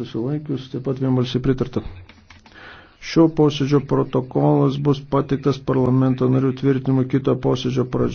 susilaikius, taip pat vienbalsiai pritarta. Šio posėdžio protokolas bus pateiktas parlamento narių tvirtinimu kito posėdžio pradžioje.